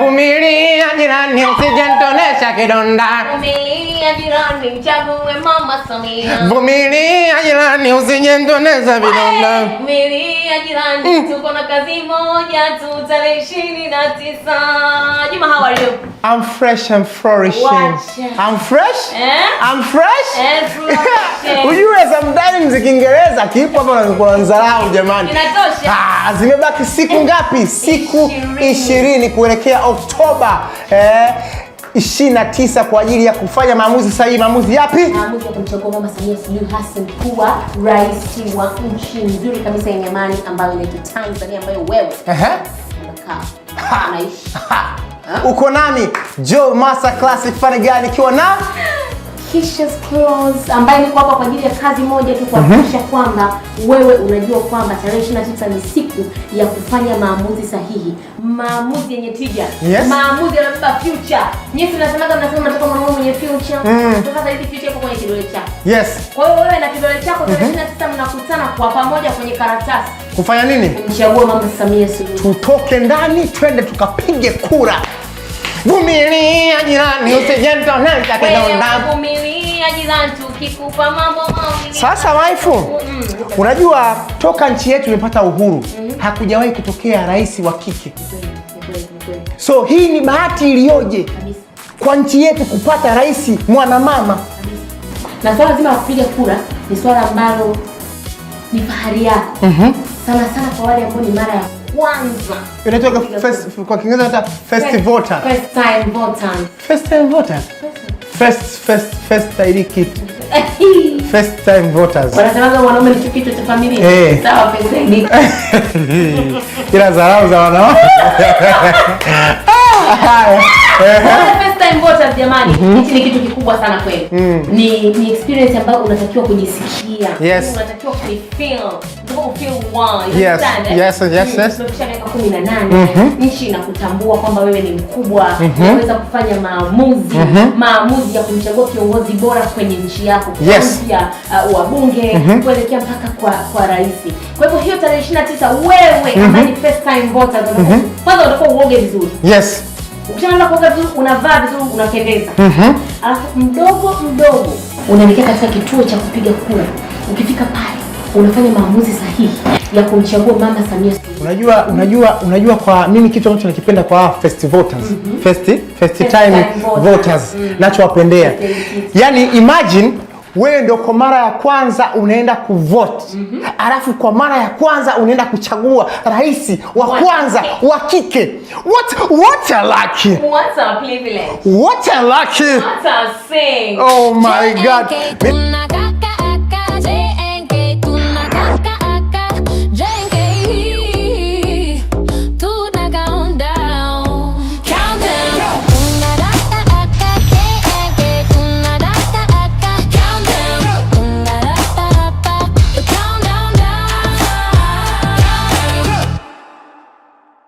ભૂમિડી આજરા ન્યૂઝ એજન્ટોને શાકી ડોંડા Vumilia jirani, mchague Mama vidonda. Vumilia jirani, mm. tuko na kazi moja tu tarehe ishirini na tisa. Juma, how are you? I'm fresh and flourishing. I'm fresh? Eh? I'm fresh? Eh, flourishing. Ujue sometimes Kiingereza kipo hapa unakuwa nzarau jamani. Inatosha. Ah, zimebaki siku ngapi? Siku ishirini kuelekea Oktoba. Eh? 29 kwa ajili ya kufanya maamuzi sahihi. Maamuzi yapi? Maamuzi ya kumchagua Mama Samia Suluhu Hassan kuwa rais wa nchi nzuri kabisa yenye amani ambayo inaitwa Tanzania ambayo wewe ehe unakaa unaishi. Uko nami Joe Masa Classic Fun Guy na Kishes Clothes ambaye niko hapa kwa ajili ya kazi moja tu, kuhakikisha mm -hmm. kwamba wewe unajua kwamba tarehe 29 ni siku ya kufanya maamuzi sahihi, maamuzi yenye tija, yes. maamuzi yanabeba future. Nyinyi mnasemaga, mnasema mnataka mwanaume mwenye future. mm. Sasa hivi future iko kwenye kidole chako, yes. Kwa hiyo wewe na kidole chako tarehe 29 mhm. mnakutana kwa pamoja kwenye karatasi kufanya nini? Kumchagua Mama Samia Suluhu. Tutoke ndani twende tukapige kura. Vumilia jirani, usijentona kidonda sasa waifu, mm Unajua toka nchi yetu imepata uhuru mm hakujawahi kutokea rais wa kike so hii ni bahati iliyoje kwa nchi yetu kupata rais mwanamama. Na swala zima la kupiga kura ni swala ambalo ni fahari yako mm -hmm. sana sana kwa wale ambao ni mara ya kwanza, inaitwa kwa Kiingereza hata first voter, first time voter, first time voter first first first ID kit first time voters wanasema mwanaume ni kitu cha familia. Eh. Sawa za time voters jamani, mm -hmm. hichi ni kitu kikubwa sana kweli. Mm. Ni ni experience ambayo unatakiwa kujisikia. Yes. Yaani unatakiwa kufeel. Unatakiwa feel one. Yaani yaani yes. Yes, mm, yes, yes. Kufikisha miaka 18, Mm -hmm. nchi inakutambua kwamba wewe ni mkubwa, mm -hmm. unaweza kufanya maamuzi, mm -hmm. maamuzi ya kumchagua kiongozi bora kwenye nchi yako. Yes. Kuanzia uh, wabunge, mm -hmm. kuelekea mpaka kwa kwa rais. Kwa hivyo hiyo tarehe 29 wewe mm -hmm. ambaye ni first time voter, mm -hmm. kwanza utakuwa uoge vizuri. Yes. Ukishaanza kuoga vizuri, unavaa vizuri, unapendeza. Mhm. Alafu mdogo mdogo unaelekea katika kituo cha kupiga kura. Ukifika pale unafanya maamuzi sahihi ya kumchagua Mama Samia. Unajua, unajua, unajua kwa mimi kitu ambacho nakipenda kwa first voters, mm -hmm. first, first, first time, time voters, voters. Mm. -hmm. Nachowapendea. Yaani imagine wewe ndio kwa mara ya kwanza unaenda kuvote mm -hmm. Alafu kwa mara ya kwanza unaenda kuchagua rais wa kwanza wa kike. What what a lucky. What a privilege. What a lucky. What a sing. Oh my God.